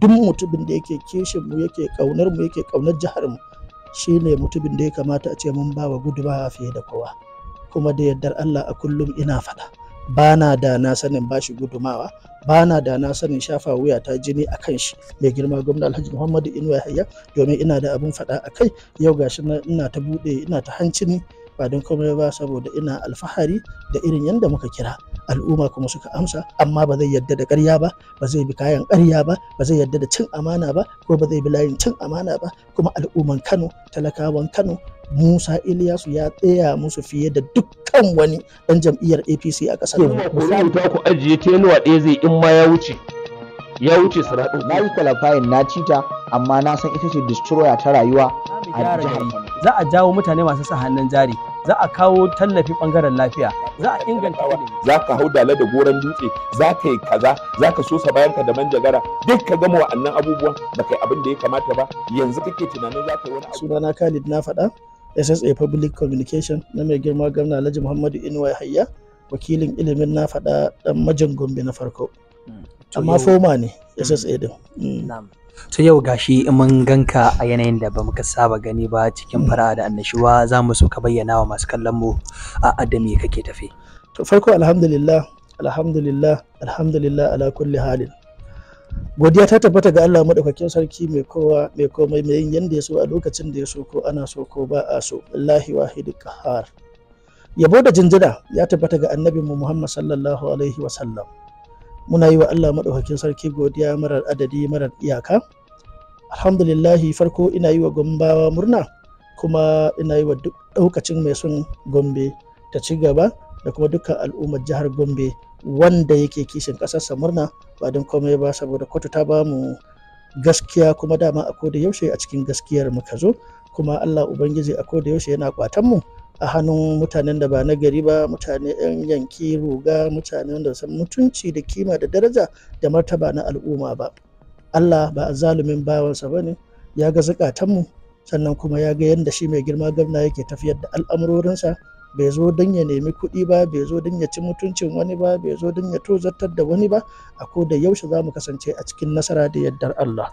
duk mutumin da yake kishin mu yake kaunar mu yake kaunar jihar mu shine mutumin da ya kamata a ce mun bawa gudumawa fiye da kowa kuma da yardar Allah a kullum ina faɗa ba na da na sanin bashi gudumawa ba na da na sanin shafa wuya ta jini a kan shi mai girma gwamna alhaji muhammadu inuwa hayya domin ina da abin faɗa a kai yau gashi na ina ta buɗe ina ta hancini ba don komai ba saboda ina alfahari da irin yadda muka kira al'umma kuma suka amsa amma ba zai yarda da ƙarya ba ba zai bi kayan ƙarya ba ba zai yarda da cin amana ba ko ba zai bi layin cin amana ba kuma al'umman Kano talakawan Kano Musa Iliyasu ya tsaya musu fiye da dukkan wani ɗan jam'iyyar APC a ƙasar. Misali ta ku ajiye tenuwa ɗaya zai in ma ya wuce. Ya wuce Na yi kwalafayin na cita amma na san ita ce destroyer ta rayuwa a jihar Za a jawo mutane masu sa hannun jari. za a kawo tallafi bangaren lafiya za a inganta ilimi za ka hau dala da goran dutse za ka yi kaza za ka sosa bayanka da manjagara duk ka gama wa'annan abubuwan ba kai abin da ya kamata ba yanzu kake tunanin za ka yi wani sunana Khalid na faɗa SSA Public Communication na mai girma gwamna Alhaji Muhammadu Inuwa Hayya wakilin ilimin na faɗa dan majin Gombe na farko amma foma ne ssa mm. din mm. to yau gashi mun ganka a yanayin da ba muka saba gani ba cikin mm. fara'a da annashuwa za mu so ka bayyana wa masu kallon mu a adami kake tafe to farko alhamdulillah alhamdulillah alhamdulillah ala kulli halin godiya ta tabbata ga Allah madaukakin sarki mai kowa mai komai mai yin yanda ya so a lokacin da ya so ko ana so ko ba a so wallahi wahidul qahar yabo da jinjira ya tabbata ga mu Muhammad sallallahu alaihi wa muna yi wa Allah maɗaukakin sarki godiya marar adadi marar iyaka alhamdulillahi farko ina yi wa gombawa murna kuma ina yi wa duk ɗaukacin mai son gombe ta ci gaba da kuma dukkan al'ummar jihar gombe wanda yake kishin ƙasarsa murna ba don komai ba saboda kotu ta ba mu gaskiya kuma dama a da yaushe a cikin gaskiyar muka zo kuma Allah Ubangiji a koda yaushe yana kwatan mu a hannun mutanen da ba nagari ba mutane yan yanki ruga mutane wanda san mutunci da kima da daraja da martaba na al'umma ba Allah ba a zalumin bawansa ba ne ya ga zukatanmu sannan kuma ya ga yadda shi mai girma gwamna yake tafiyar da al'amurorinsa bai zo don ya nemi kuɗi ba bai zo don ya ci mutuncin wani ba bai zo don ya tozartar da wani ba a ko da yaushe za mu kasance a cikin nasara da yardar Allah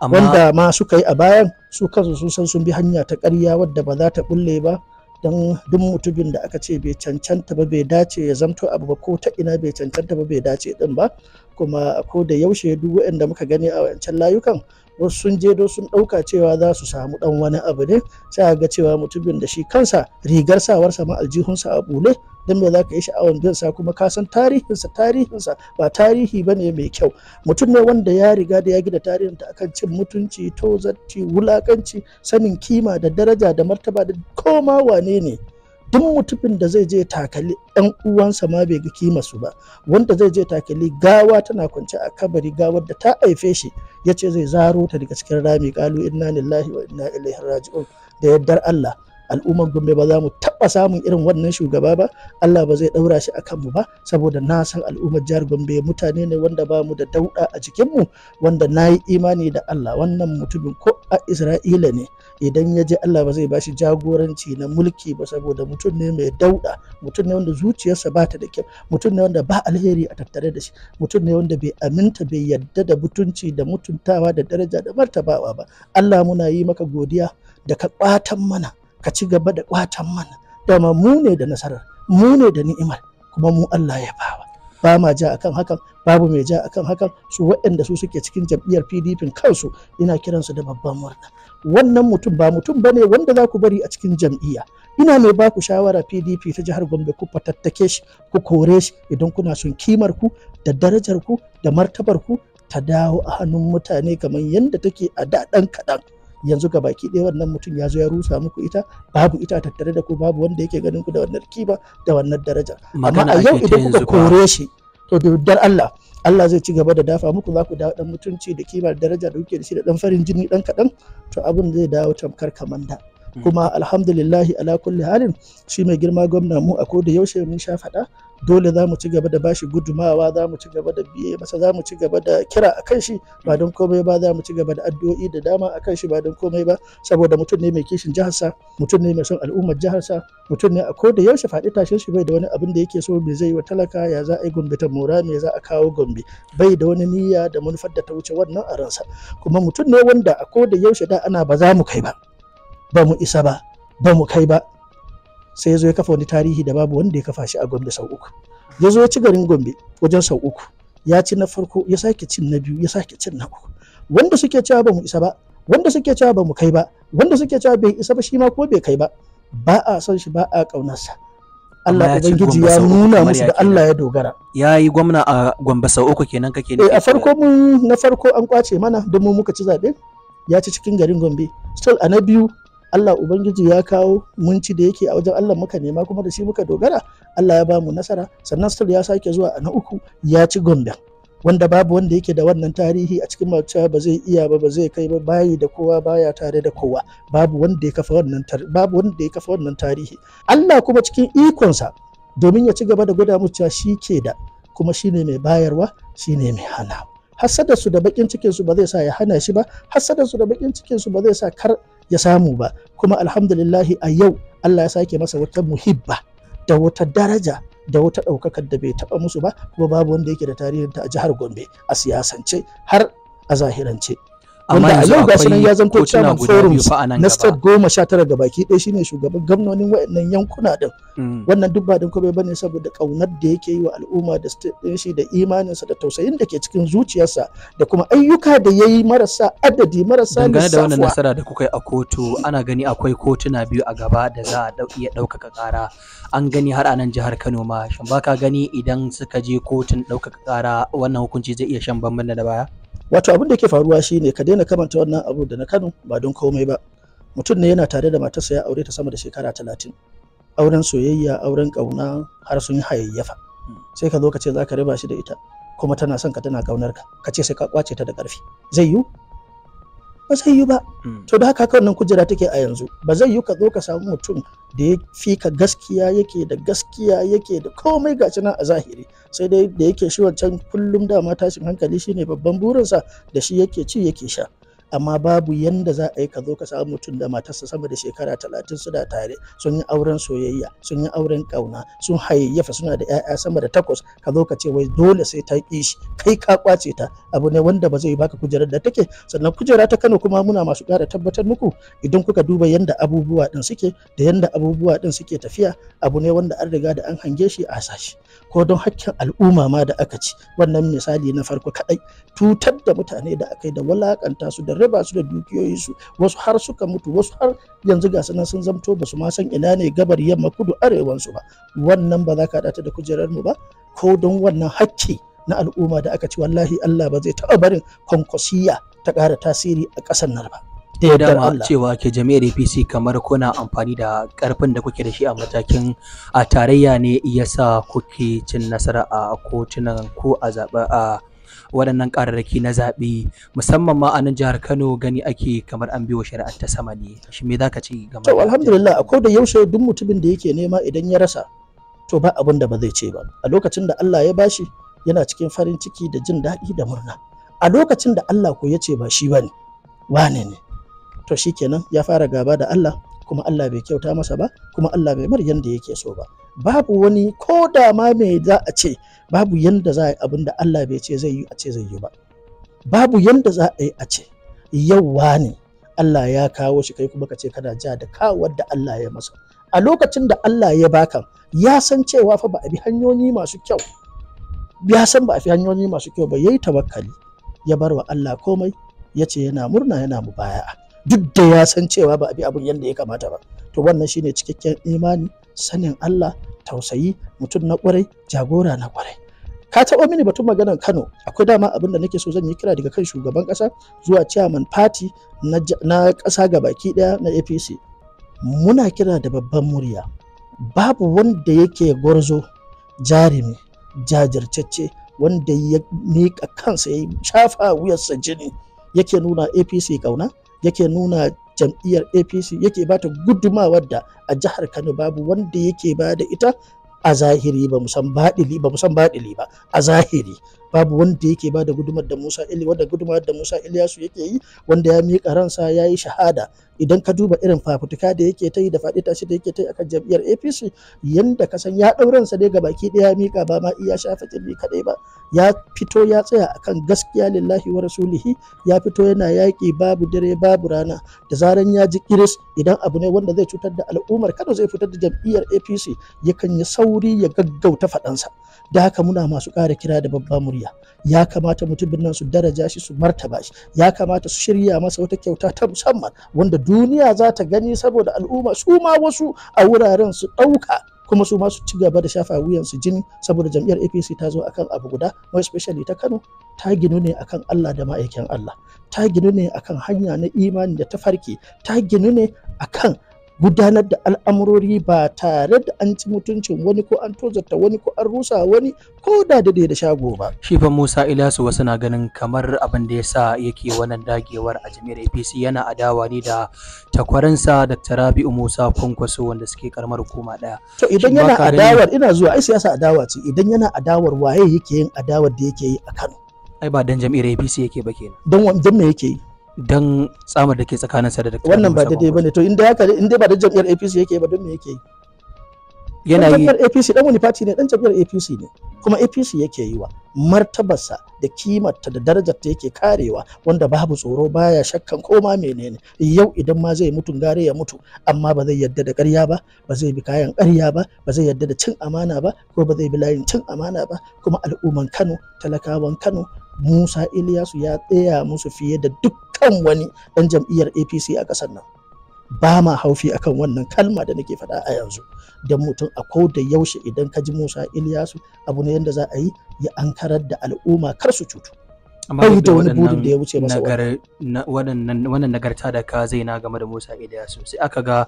wanda ma suka yi a bayan su kansu sun san sun bi hanya ta ƙarya wadda ba za ta bulle ba don duk mutumin da aka ce bai cancanta ba bai dace ya zamto abu ba ko ta ina bai cancanta ba bai dace din ba kuma ko da yaushe duk waɗanda muka gani a wancan layukan wasu sun je don sun ɗauka cewa za su samu ɗan wani abu ne sai a ga cewa mutumin da shi kansa rigar sawarsa ma aljihunsa a bule don me za ka yi sha'awar bin sa kuma ka san tarihinsa tarihinsa ba tarihi ba ne mai kyau mutum ne wanda ya riga da ya gida tarihinta akan cin mutunci tozarci wulakanci sanin kima da daraja da martaba da koma wane ne duk mutumin da zai je takali ɗan uwansa ma bai ga kima su ba wanda zai je takali gawa tana kwance a kabari gawar da ta haife shi ya ce zai zaro ta daga cikin rami kalu inna lillahi wa inna ilaihi raji'un da yardar Allah al'ummar gombe ba za mu taɓa samun irin wannan shugaba ba allah ba zai ɗaura shi a mu ba saboda na san al'ummar jihar gombe mutane ne wanda ba mu da dauɗa a jikinmu wanda na yi imani da allah wannan mutumin ko a isra'ila ne idan ya je allah ba zai bashi jagoranci na mulki ba saboda mutum ne mai dauɗa mutum ne wanda zuciyarsa ba ta da kyau mutum ne wanda ba alheri a tattare da shi mutum ne wanda bai aminta bai yadda da mutunci da mutuntawa da daraja da martabawa ba allah muna yi maka godiya da ka ɓatan mana ka ci gaba da kwatan mana dama mu ne da nasarar mu ne da ni'imar kuma mu Allah ya bawa ba ma ja akan hakan babu mai ja akan hakan su waɗanda su suke cikin jam'iyyar PDP kansu ina kiransu da babban murna wannan mutum ba mutum bane wanda za ku bari a cikin jam'iyya ina mai ba ku shawara PDP ta jihar Gombe ku fatattake shi ku kore shi idan kuna son kimar ku da darajar ku da martabar ku ta dawo a hannun mutane kamar yadda take a da ɗan kaɗan. yanzu ga baki ɗaya wannan mutum ya zo ya rusa muku ita babu ita tattare da ku babu wanda yake ganin ku da wannan kiba da wannan daraja amma a yau idan kuka kore shi to da Allah Allah zai ci gaba da dafa muku za ku dawo dan mutunci da da daraja da kuke da shi da dan farin jini dan kaɗan to abin zai dawo tamkar kamanda. kuma alhamdulillahi ala kulli halin shi mai girma gwamna mu a da yaushe mun sha faɗa dole za mu ci gaba da bashi gudumawa za mu ci gaba da biye masa za mu ci gaba da kira a kan shi ba don komai ba za mu ci gaba da addu'o'i da dama a kan shi ba don komai ba saboda mutum ne mai kishin jiharsa mutum ne mai son al'ummar jiharsa mutum ne a ko da yaushe faɗi tashin shi bai da wani abin da yake so me zai yi wa talaka ya za a yi gombe ta mora me za a kawo gombe bai da wani niyya da manufar da ta wuce wannan a ransa kuma mutum ne wanda a ko da yaushe da ana ba za mu kai ba ba mu isa ba ba mu kai ba sai ya zo ya kafa wani tarihi da babu wanda ya kafa shi a gombe sau uku ya zo ya ci garin gombe wajen sau uku ya ci na farko ya sake cin na biyu ya sake cin na uku wanda suke cewa ba mu isa ba wanda suke cewa ba mu kai ba wanda suke cewa bai isa ba shi ma ko bai kai ba ba a son shi ba a ƙaunarsa Allah Ubangiji ya nuna musu da Allah ya dogara. Ya yi gwamna a Gombe sau uku kenan kake ne. Eh, a farko mun na farko an kwace mana don mu muka ci zaɓe ya ci cikin garin Gombe. Still a na biyu Allah Ubangiji ya kawo mun da yake a wajen Allah muka nema kuma da shi muka dogara Allah ya ba mu nasara sannan sul ya sake zuwa a na uku ya ci Gombe wanda babu wanda yake da wannan tarihi a cikin mace ba zai iya ba ba zai kai ba bayi da kowa baya tare da kowa babu wanda ya kafa wannan babu wanda ya kafa wannan tarihi Allah kuma cikin ikonsa domin ya ci gaba da gwada mu cewa shi ke da kuma shi ne mai bayarwa shi ne mai hana hasadarsu da bakin cikinsu ba zai sa ya hana shi ba hasadarsu da bakin cikinsu ba zai sa kar ya samu ba kuma alhamdulillahi a yau Allah ya sake masa wata muhibba da wata daraja da wata ɗaukakar da bai taɓa musu ba kuma babu wanda yake da tarihinta a jihar Gombe a siyasance har a zahirance wanda a yau gashi nan ya zanto chairman forums na state goma sha tara da baki ɗaya shine shugaban gwamnonin waɗannan yankuna din mm. wannan duk ba don komai bane saboda ƙaunar da yake yi wa al'umma da state ɗin shi da imaninsa da tausayin da ke cikin zuciyarsa da kuma ayyuka da ya yi marasa adadi marasa dangane da wannan nasara da kuka yi a kotu ana gani akwai kotuna biyu a gaba da za a iya ɗaukaka ƙara an gani har anan jihar Kano ma shin baka gani idan suka je kotun ɗaukaka ƙara wannan hukunci zai iya shan bambam da baya wato abin da ke faruwa shine ka daina kamanta wannan abu da na Kano ba don komai ba mutum ne yana tare da matarsa ya aure ta sama da shekara talatin auren soyayya auren kauna har sun hayayyafa sai ka zo ka ce za ka riba shi da ita kuma tana son ka tana ƙaunar ka ka ce sai ka kwace ta da karfi zai yiwu ba zai yi ba hmm. to da haka kawai nan kujera take a yanzu ba zai yi ka zo ka samu mutum da ya fi ka gaskiya yake da gaskiya yake da komai gashi nan a zahiri sai dai da yake shi wancan kullum dama tashin hankali shine babban burinsa da shi yake ci yake sha amma babu yanda za a yi ka zo ka samu mutum da matarsa sama da shekara talatin suna tare sun yi auren soyayya sun yi auren ƙauna sun hayayyafa suna da 'ya'ya sama da takwas ka zo ka ce wai dole sai ta ƙi shi kai ka kwace ta abu ne wanda ba zai baka kujerar da take sannan kujera ta Kano kuma muna masu ƙara tabbatar muku idan kuka duba yanda abubuwa din suke da yanda abubuwa din suke tafiya abu ne wanda an riga da an hange shi a sashi ko don hakkin al'umma ma da aka ci wannan misali na farko kaɗai tutar da mutane da aka yi da walaƙanta su da raba su da dukiyoyinsu wasu har suka mutu wasu har yanzu ga sanan sun zamto ba su ma san ina ne gabar yamma kudu arewansu ba wannan ba za ka haɗa da kujerar mu ba ko don wannan hakki na al'umma da aka ci wallahi Allah ba zai taɓa barin kwankwasiya ta ƙara tasiri a ƙasar nan ba. da eh, ya dama cewa ke jami'ar apc kamar kuna amfani da ƙarfin da kuke da shi a matakin a tarayya ne yasa kuke cin nasara a kotunan ko a zaɓe a waɗannan ƙararraki na zaɓe musamman ma a nan jihar Kano gani ake kamar an biyo shari'ar ta sama ne shi me zaka ce ga da alhamdulillah akwai da yaushe duk mutumin da yake nema idan ya rasa to ba abin da ba zai ce ba a lokacin da Allah ya bashi yana cikin farin ciki da jin daɗi da murna a lokacin da Allah ko ya ce ba shi bane wane ne to shikenan ya fara gaba da Allah kuma Allah bai kyauta masa ba kuma Allah bai mar yanda yake so ba babu wani ko da ma me za a ce babu yanda za a yi abin da Allah bai ce zai yi a ce zai yi ba babu yanda za a yi a ce yauwa ne Allah ya kawo shi kai kuma ka ce kana ja da kawar da Allah ya masa a lokacin da Allah ya baka ya san cewa fa ba a bi hanyoyi masu kyau ya san ba a fi hanyoyi masu kyau ba yayi tawakkali ya bar wa Allah komai ya ce yana murna yana mubaya'a duk da ya san cewa ba a bi abin yadda ya kamata ba to wannan shine cikakken imani sanin Allah tausayi mutum na kwarai jagora na kwarai ka taɓa mini batun maganar Kano akwai dama abin da nake so zan yi kira daga kan shugaban ƙasa zuwa chairman party na ƙasa gabaki ɗaya na APC muna kira da babban murya babu wanda yake gwarzo jarumi jajirtacce wanda ya miƙa kansa ya shafa wuyarsa jini yake nuna APC kauna yake nuna jam'iyyar apc yake ba ta gudumawar da a jihar kano babu wanda yake ba da ita a zahiri ba musan baɗili ba musan baɗili ba a zahiri babu wanda yake ba da gudumar da Musa Ili wanda gudumar da Musa Iliyasu yake yi wanda ya miƙa ransa ya yi shahada idan ka duba irin fafutuka da yake ta yi da faɗi tashi da yake ta yi akan jam'iyyar APC yanda ka san ya ɗauransa dai ga baki ɗaya miƙa ba ma iya shafa kirbi kaɗai ba ya fito ya tsaya akan gaskiya lillahi wa rasulihi ya fito yana yaki babu dare babu rana da zaran ya ji kiris idan abu ne wanda zai cutar da al'ummar kada zai fitar da jam'iyyar APC yakan yi sauri ya gaggauta faɗansa da haka muna masu ƙara kira da babban murya Najeriya ya kamata mutumin nan su daraja shi su martaba shi ya kamata su shirya masa wata kyauta ta musamman wanda duniya za ta gani saboda al'umma su ma wasu a wuraren su ɗauka kuma su ma su ci gaba da shafa wuyansu jini saboda jam'iyyar APC ta zo akan abu guda mai especially ta Kano ta ginu ne akan Allah da ma'aikin Allah ta ginu ne akan hanya na imani da ta farke ta ginu ne akan gudanar da al'amurori ba tare da an ci mutuncin wani ko an tozarta wani ko an rusa wani ko da da da shago ba. Shifan Musa Ilyasu wasu na ganin kamar abin da ya sa yake wannan dagewar a jami'ar APC yana adawa ne da takwaransa Dr. Rabi'u Musa Kwankwaso wanda suke karamar hukuma daya. To idan yana adawar ina zuwa ai siyasa adawa ce idan yana adawar waye yake yin adawar da yake yi a Kano. Ai ba dan jami'ar APC yake ba kenan. Dan me yake yi? don tsamar da ke tsakanin sa da Dr. Wannan ba daidai bane to inda haka inda ba da jam'iyyar APC yake ba don me yake yi? Yana yi. APC dan wani party ne dan jam'iyyar APC ne kuma APC yake yi wa. martabarsa da kimarta da darajarta yake karewa wanda babu tsoro baya shakkan koma menene yau idan ma zai mutu gare ya mutu amma ba zai yadda da ƙarya ba ba zai bi kayan ƙarya ba ba zai yadda da cin amana ba ko ba zai bi layin cin amana ba kuma al'umman Kano talakawan Kano Musa Iliyasu ya tsaya musu fiye da dukkan wani ɗan jam'iyyar APC a ƙasar nan. ba ma haufi akan wannan kalma da nake faɗa a yanzu don mutum a ko da yaushe idan ka ji Musa Iliyasu abu ne yadda za a yi ya ankarar da al'umma kar su cutu bai da wani budin da ya wuce masa wannan nagarta da ka zai na game da Musa Ilyasu sai aka ga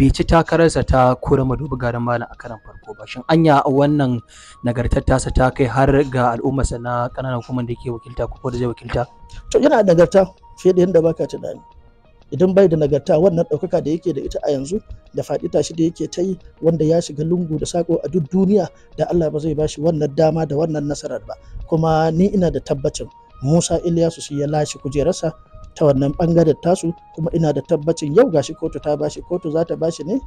Bici takararsa ta kura madubi garin malam a karan farko ba shin anya wannan nagartar tasa ta kai har ga al'ummarsa na kananan hukumar da ke wakilta ko da zai wakilta to yana nagarta fiye da yadda baka tunani idan bai da nagarta wannan ɗaukaka da yake da ita a yanzu da faɗi tashi da yake ta yi wanda ya shiga lungu da sako a duk duniya da Allah ba zai ba shi wannan dama da wannan nasarar ba kuma ni ina da tabbacin Musa Ilyasu shi ya lashe kujerarsa ta wannan bangaren tasu kuma ina da tabbacin yau gashi kotu ta bashi kotu za ta bashi ne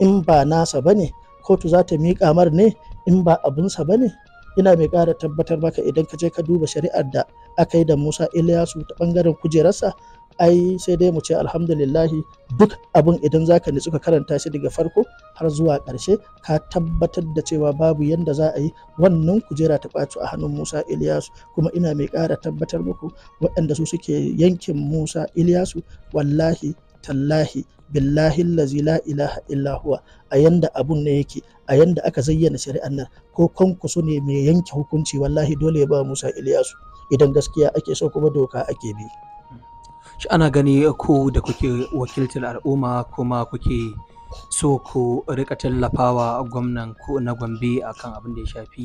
in ba nasa bane kotu za ta miƙa mar ne in ba abunsa bane ina mai ƙara tabbatar maka idan ka je ka duba shari'ar da aka yi da Musa Ilyasu ta bangaren kujerarsa ai sai dai mu ce alhamdulillahi duk abin idan zaka nitsu ka karanta shi daga farko har zuwa ƙarshe ka tabbatar da cewa babu yadda za a yi wannan kujera ta ƙwato a hannun Musa Iliyasu kuma ina mai ƙara tabbatar muku waɗanda su suke yankin Musa Iliyasu wallahi tallahi billahi lazi la ilaha illa a yanda abun ne yake a yanda aka zayyana shari'an nan ko kwankwaso ne mai yanke hukunci wallahi dole ya ba Musa Iliyasu idan gaskiya ake so kuma doka ake bi. shi ana gani ku da kuke wakiltar al'umma kuma kuke so ku rika tallafawa gwamnan ku na gombe akan abin da ya shafi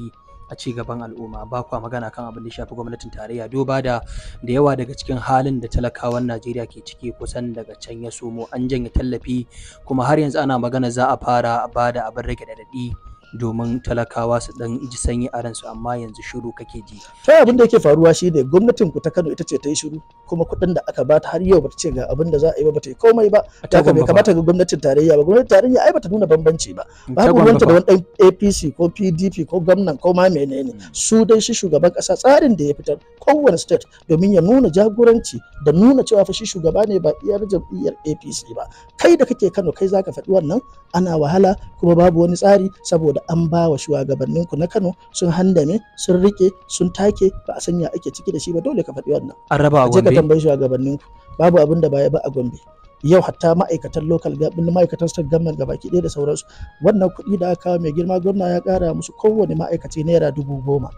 a ci gaban al'umma ba kwa magana kan abin da ya shafi gwamnatin tarayya duba da da yawa daga cikin halin da talakawan najeriya ke ciki kusan daga can ya somo an janye tallafi kuma har yanzu ana magana za a fara ba da abin rage daɗaɗi domin talakawa su dan ji sanyi a ransu amma yanzu shiru kake ji to abin da yake faruwa shine gwamnatin ku ta Kano ita ce ta yi shiru kuma kuɗin da aka bata har yau bata ce ga abin da za a yi ba bata yi komai ba ta bai kamata ga gwamnatin tarayya ba gwamnatin tarayya ai bata nuna bambanci ba ba wanda da wani dan APC ko PDP ko gwamnan ko ma menene hmm. su dai shi shugaban kasa tsarin da ya fitar kowane state domin ya nuna jagoranci da nuna cewa fa shi shugaba ne ba iyar jam'iyyar APC ba kai da kake Kano kai zaka faɗi wannan ana wahala kuma babu wani tsari saboda an ba wa shugabanninku na Kano sun handame sun rike sun take ba a sanya ake ciki da shi ba dole ka faɗi wannan an raba a Gombe ka tambayi shugabanninku babu abin da baya ba a Gombe yau hatta ma'aikatan local government ma'aikatan state government gabaki ɗaya da sauransu wannan kuɗi da aka kawo mai girma gwamna ya ƙara musu kowane ma'aikaci naira dubu goma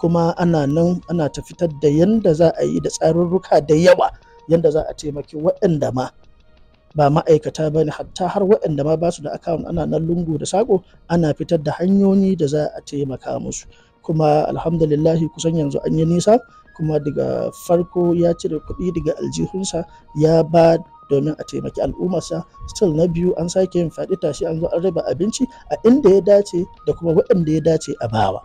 kuma ana nan ana ta fitar da yanda za a yi da tsarurruka da yawa yanda za a taimaki waɗanda ma ba ma'aikata ba ne hatta har waɗanda ma ba su da akawun ana nan lungu da sako ana fitar da hanyoyi da za a taimaka musu kuma alhamdulillahi kusan yanzu an yi nisa kuma daga farko ya cire kuɗi daga aljihunsa ya ba domin a taimaki al'ummarsa still na biyu an sake yin faɗi tashi an zo an raba abinci a inda ya dace da kuma waɗanda ya dace a bawa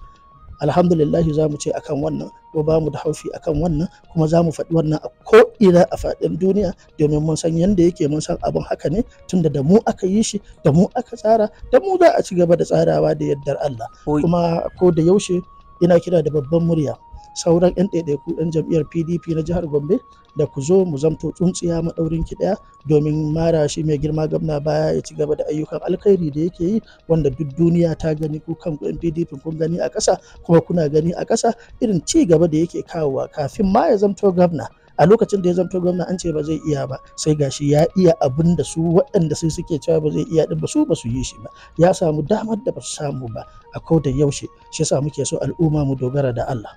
alhamdulillah za mu ce akan wannan ko ba mu da haufi akan wannan kuma za mu faɗi wannan a ko ina a faɗin duniya domin mun san yadda yake mun san abin haka ne tunda da mu aka yi shi da mu aka tsara da mu za a ci gaba da tsarawa da yaddar Allah kuma ko da yaushe ina kira da babban murya sauran 'yan ɗaiɗaiku 'yan jam'iyyar pdp na jihar gombe da ku zo mu zamto tsuntsiya maɗaurin ki ɗaya domin mara shi mai girma gwamna baya ya ci gaba da ayyukan alkhairi da yake yi wanda duk duniya ta gani ku kan ku pdp kun gani a ƙasa kuma kuna gani a ƙasa irin ci gaba da yake kawowa kafin ma ya zamto gwamna a lokacin da ya zamto gwamna an ce ba zai iya ba sai gashi ya iya abin da su waɗanda sai suke cewa ba zai iya din ba su ba su yi shi ba ya samu damar da ba su samu ba a da yaushe shi yasa muke so al'umma mu dogara da Allah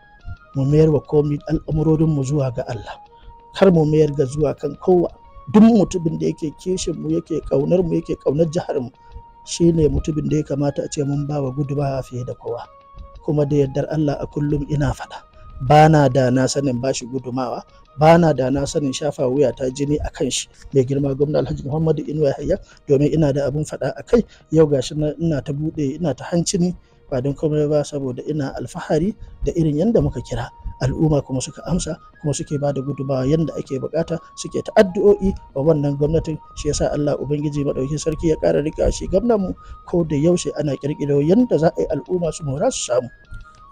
mu mayar wa komi al'amurorinmu zuwa ga Allah kar mu mayar ga zuwa kan kowa duk mutumin da yake kishin mu yake kaunar mu yake kaunar jihar mu shine mutumin da ya kamata a ce mun ba wa gudubawa fiye da kowa kuma da yardar Allah a kullum ina faɗa bana da na sanin bashi gudumawa bana da na sanin shafa wuya ta jini a kan shi mai girma gwamna alhaji muhammadu inuwa hayya domin ina da abin faɗa a kai yau gashi ina ta buɗe ina ta hancini ba don komai ba saboda ina alfahari da irin yadda muka kira al'umma kuma suka amsa kuma suke ba da gudumawa yadda ake bukata suke ta addu'o'i wa wannan gwamnatin shi yasa Allah ubangiji madaukin sarki ya kara rika shi gwamnan mu ko da yaushe ana kirkiro yadda za a yi al'umma su mora su samu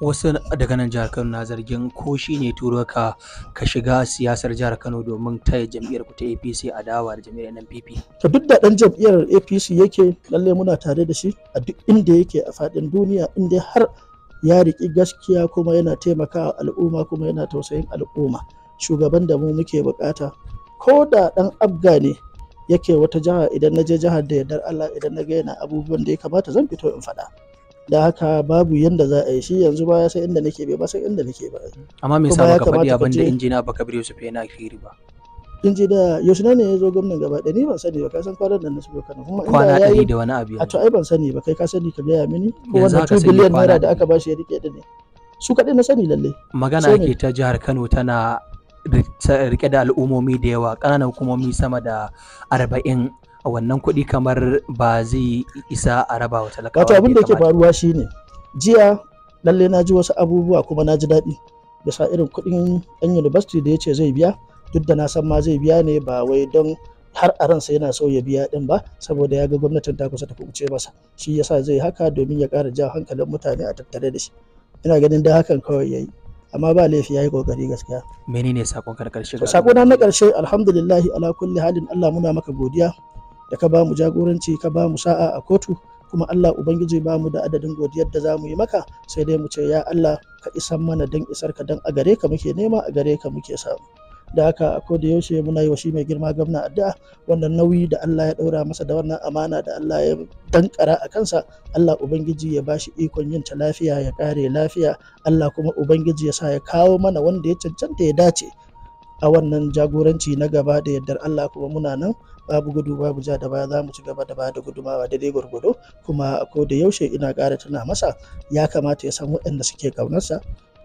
wasu daga nan jihar kano na zargin ko shi ne turo ka shiga siyasar jihar kano domin taya jam'iyyar ku ta apc a dawa da jam'iyyar npp to duk da ɗan jam'iyyar apc yake lalle muna tare da shi a duk inda yake a faɗin duniya inda har ya riƙi gaskiya kuma yana taimakawa al'umma kuma yana tausayin al'umma shugaban da mu muke bukata ko da ɗan abga ne yake wata jiha idan na je jihar da yardar Allah idan na ga yana abubuwan da ya kamata zan fito in faɗa da haka babu yanda za a yi shi yanzu ba sai inda nake bai ba sai inda nake ba amma me yasa baka faɗi abin da injina baka bi Yusuf yana kiri ba inji da yaushe ne ya zo gwamnan gaba da ni ban sani ba ka san kwanan da na shigo kana kuma kwana ɗari da wani abu a to ai ban sani ba kai ka sani ka gaya mini ko wannan 2 biliyan naira da aka bashi ya rike da ne su kaɗai na sani lalle magana ake ta jihar Kano tana rike da al'ummomi da yawa ƙananan hukumomi sama da arba'in a wannan kuɗi kamar ba zai isa a raba wa talakawa wato abin da yake faruwa shine jiya lalle na ji wasu abubuwa kuma na ji daɗi bisa irin kuɗin ɗan university da ya ce zai biya duk da na san ma zai biya ne ba wai don har a ransa yana so ya biya din ba saboda ya ga gwamnatin ta kusa ta kuce masa shi yasa zai haka domin ya kara jan hankalin mutane a tattare da shi ina ganin da hakan kawai yayi amma ba laifi yayi kokari gaskiya menene sakon karshe sakon sakona na karshe alhamdulillah ala kulli halin Allah muna maka godiya da ka ba mu jagoranci ka ba mu sa'a a kotu kuma Allah Ubangiji ba mu da adadin godiyar da za mu yi maka sai dai mu ce ya Allah ka isan mana dan isar ka don a gare ka muke nema a gare ka muke samu da haka a da yaushe muna yi wa shi mai girma gwamna addu'a wannan nauyi da Allah ya daura masa da wannan amana da Allah ya dankara a kansa Allah Ubangiji ya bashi ikon yin ta lafiya ya kare lafiya Allah kuma Ubangiji ya sa ya kawo mana wanda ya cancanta ya dace a wannan jagoranci na gaba da yardar Allah kuma muna nan babu gudu babu ja da baya za mu ci gaba da baya da gudumawa daidai gwargwado kuma ko da yaushe ina ƙara tuna masa ya kamata ya san waɗanda suke ƙaunarsa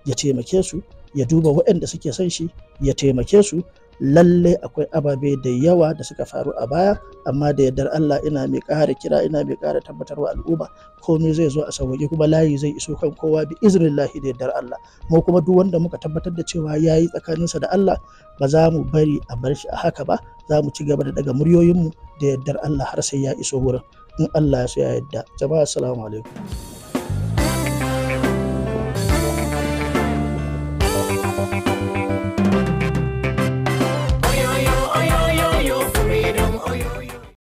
ya taimake su ya duba waɗanda suke son shi ya taimake su lalle akwai ababe da yawa da suka faru a baya amma da yardar Allah ina mai ƙara kira ina mai ƙara wa al'umma komai zai zo a sauƙi kuma layi zai iso kan kowa bi iznillahi da yardar Allah mu kuma duk wanda muka tabbatar da cewa yayi tsakaninsa da Allah ba za mu bari a bar shi a haka ba za mu ci gaba da daga muryoyinmu da yardar Allah har sai ya iso wurin in Allah ya so ya yarda jama'a assalamu alaikum